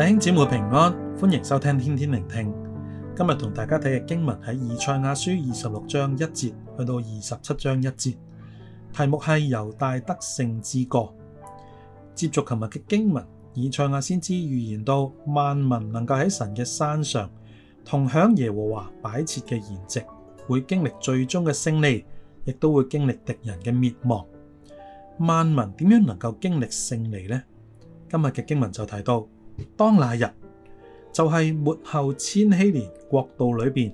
弟兄姊妹平安，歡迎收聽天天靈聽。今日同大家睇嘅經文喺以賽亞書二十六章一節去到二十七章一節，題目係猶大得勝之歌。接續琴日嘅經文，以賽亞先知預言到萬民能夠喺神嘅山上同享耶和華擺設嘅筵席，會經歷最終嘅勝利，亦都會經歷敵人嘅滅亡。萬民點樣能夠經歷勝利呢？今日嘅經文就提到。當那日就係、是、末後千禧年國度裏邊，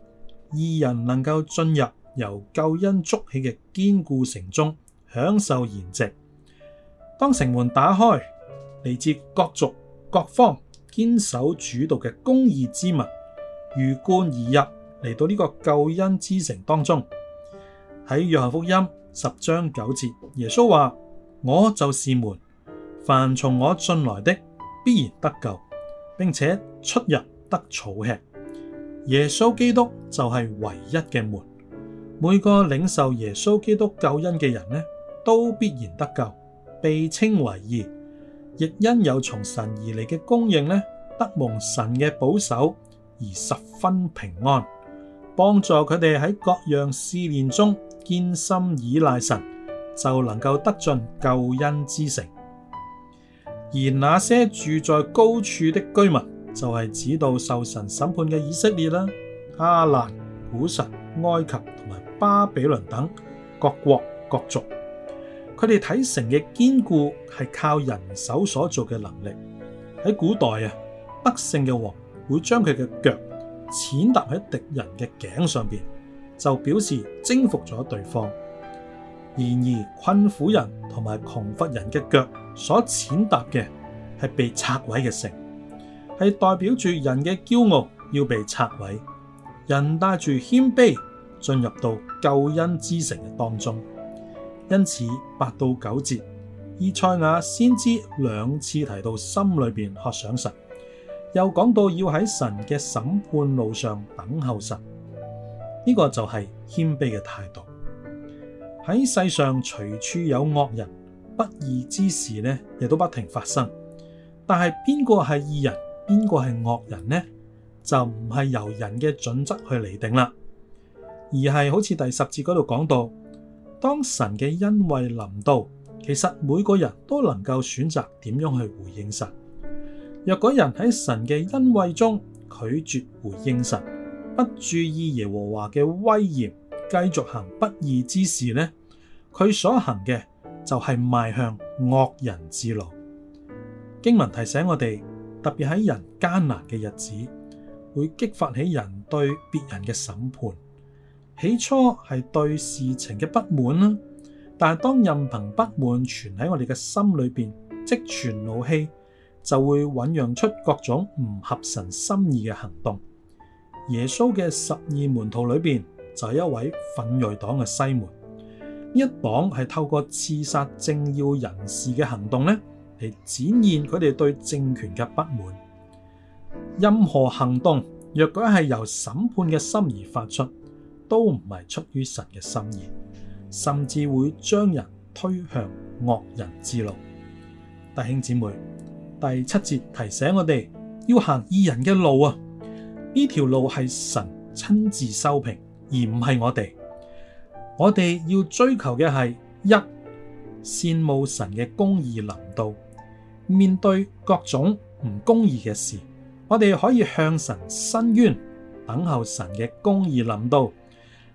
義人能夠進入由救恩築起嘅堅固城中，享受筵席。當城門打開，嚟自各族各方堅守主道嘅公義之民，魚貫而入嚟到呢個救恩之城當中。喺約翰福音十章九節，耶穌話：我就是門，凡從我進來的。必然得救，並且出入得草吃。耶穌基督就係唯一嘅門。每個領受耶穌基督救恩嘅人呢，都必然得救，被稱為義。亦因有從神而嚟嘅供應呢，得蒙神嘅保守而十分平安，幫助佢哋喺各樣試煉中堅心倚賴神，就能夠得進救恩之城。而那些住在高處的居民，就係指到受神審判嘅以色列啦、亞蘭、古實、埃及同埋巴比倫等各國各族。佢哋睇城嘅堅固係靠人手所做嘅能力。喺古代啊，得勝嘅王會將佢嘅腳踐踏喺敵人嘅頸上邊，就表示征服咗對方。然而困苦人同埋窮乏人嘅腳所踐踏嘅，係被拆毀嘅城，係代表住人嘅驕傲要被拆毀，人帶住謙卑進入到救恩之城嘅當中。因此八到九節，以賽亞先知兩次提到心裏邊渴想神，又講到要喺神嘅審判路上等候神，呢、這個就係謙卑嘅態度。喺世上，隨處有惡人不義之事呢亦都不停發生。但係邊個係義人，邊個係惡人呢，就唔係由人嘅準則去釐定啦，而係好似第十節嗰度講到，當神嘅恩惠臨到，其實每個人都能夠選擇點樣去回應神。若果人喺神嘅恩惠中拒絕回應神，不注意耶和華嘅威嚴。繼續行不義之事呢，佢所行嘅就係邁向惡人之路。經文提醒我哋，特別喺人艱難嘅日子，會激發起人對別人嘅審判。起初係對事情嘅不滿啦，但係當任憑不滿存喺我哋嘅心裏邊，積存怒氣，就會醞釀出各種唔合神心意嘅行動。耶穌嘅十二門徒裏邊，就係一位奮銳黨嘅西門，呢一黨係透過刺殺政要人士嘅行動咧，嚟展現佢哋對政權嘅不滿。任何行動若果係由審判嘅心而發出，都唔係出於神嘅心意，甚至會將人推向惡人之路。弟兄姊妹，第七節提醒我哋要行義人嘅路啊！呢條路係神親自修平。而唔係我哋，我哋要追求嘅係一羨慕神嘅公義臨到，面對各種唔公義嘅事，我哋可以向神伸冤，等候神嘅公義臨到。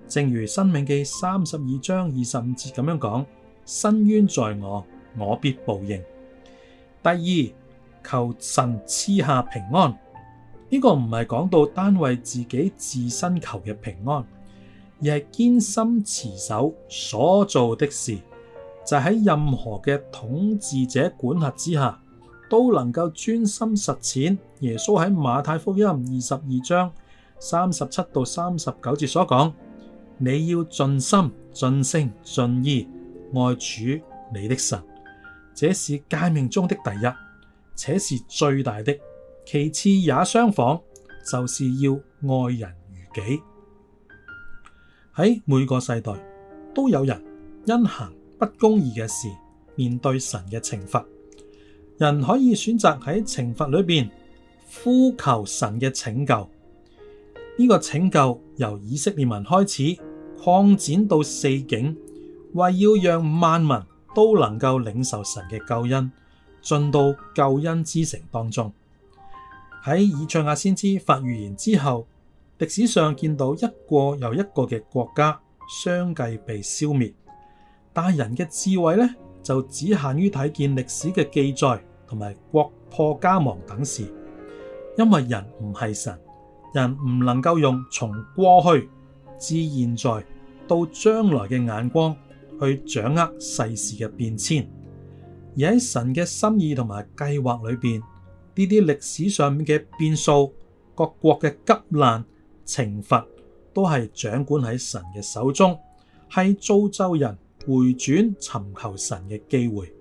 正如《申命記》三十二章三十五節咁樣講：伸冤在我，我必報應。第二，求神賜下平安，呢、這個唔係講到單為自己自身求嘅平安。而係堅心持守所做的事，就喺、是、任何嘅統治者管轄之下，都能夠專心實踐。耶穌喺馬太福音二十二章三十七到三十九節所講：你要盡心、盡性、盡意愛主你的神。這是誡命中的第一，且是最大的。其次也相仿，就是要愛人如己。喺每個世代都有人因行不公義嘅事面對神嘅懲罰，人可以選擇喺懲罰裏邊呼求神嘅拯救。呢、這個拯救由以色列民開始擴展到四境，為要讓萬民都能夠領受神嘅救恩，進到救恩之城當中。喺以賽亞先知發預言之後，歷史上見到一個又一個嘅國家相繼被消滅，但人嘅智慧呢，就只限於睇見歷史嘅記載同埋國破家亡等事，因為人唔係神，人唔能夠用從過去至現在到將來嘅眼光去掌握世事嘅變遷，而喺神嘅心意同埋計劃裏邊，呢啲歷史上面嘅變數、各國嘅急難。懲罰都係掌管喺神嘅手中，係造就人回轉尋求神嘅機會。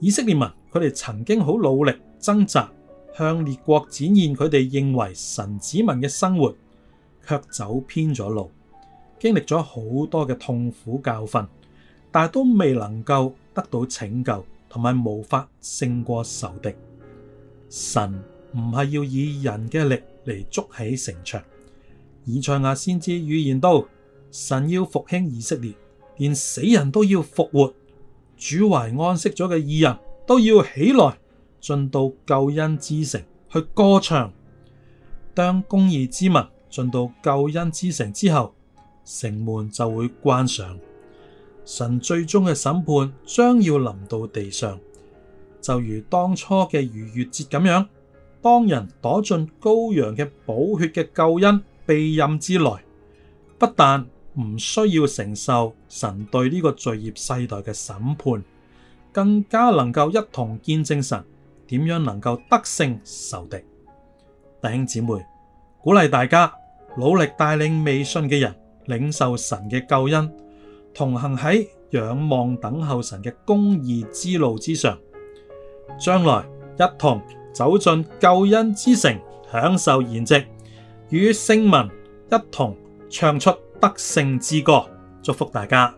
以色列民佢哋曾經好努力掙扎，向列國展現佢哋認為神子民嘅生活，卻走偏咗路，經歷咗好多嘅痛苦教訓，但都未能夠得到拯救，同埋無法勝過仇敵。神唔係要以人嘅力。嚟築起城牆，以賽亞先知預言到，神要復興以色列，連死人都要復活，主懷安息咗嘅義人都要起來，進到救恩之城去歌唱。當公義之民進到救恩之城之後，城門就會關上，神最終嘅審判將要臨到地上，就如當初嘅逾越節咁樣。當人躲進羔羊嘅寶血嘅救恩庇蔭之內，不但唔需要承受神對呢個罪孽世代嘅審判，更加能夠一同見證神點樣能夠得勝仇敵。弟兄姊妹，鼓勵大家努力帶領未信嘅人領受神嘅救恩，同行喺仰望等候神嘅公義之路之上，將來一同。走進救恩之城，享受筵席，與聖民一同唱出得勝之歌，祝福大家。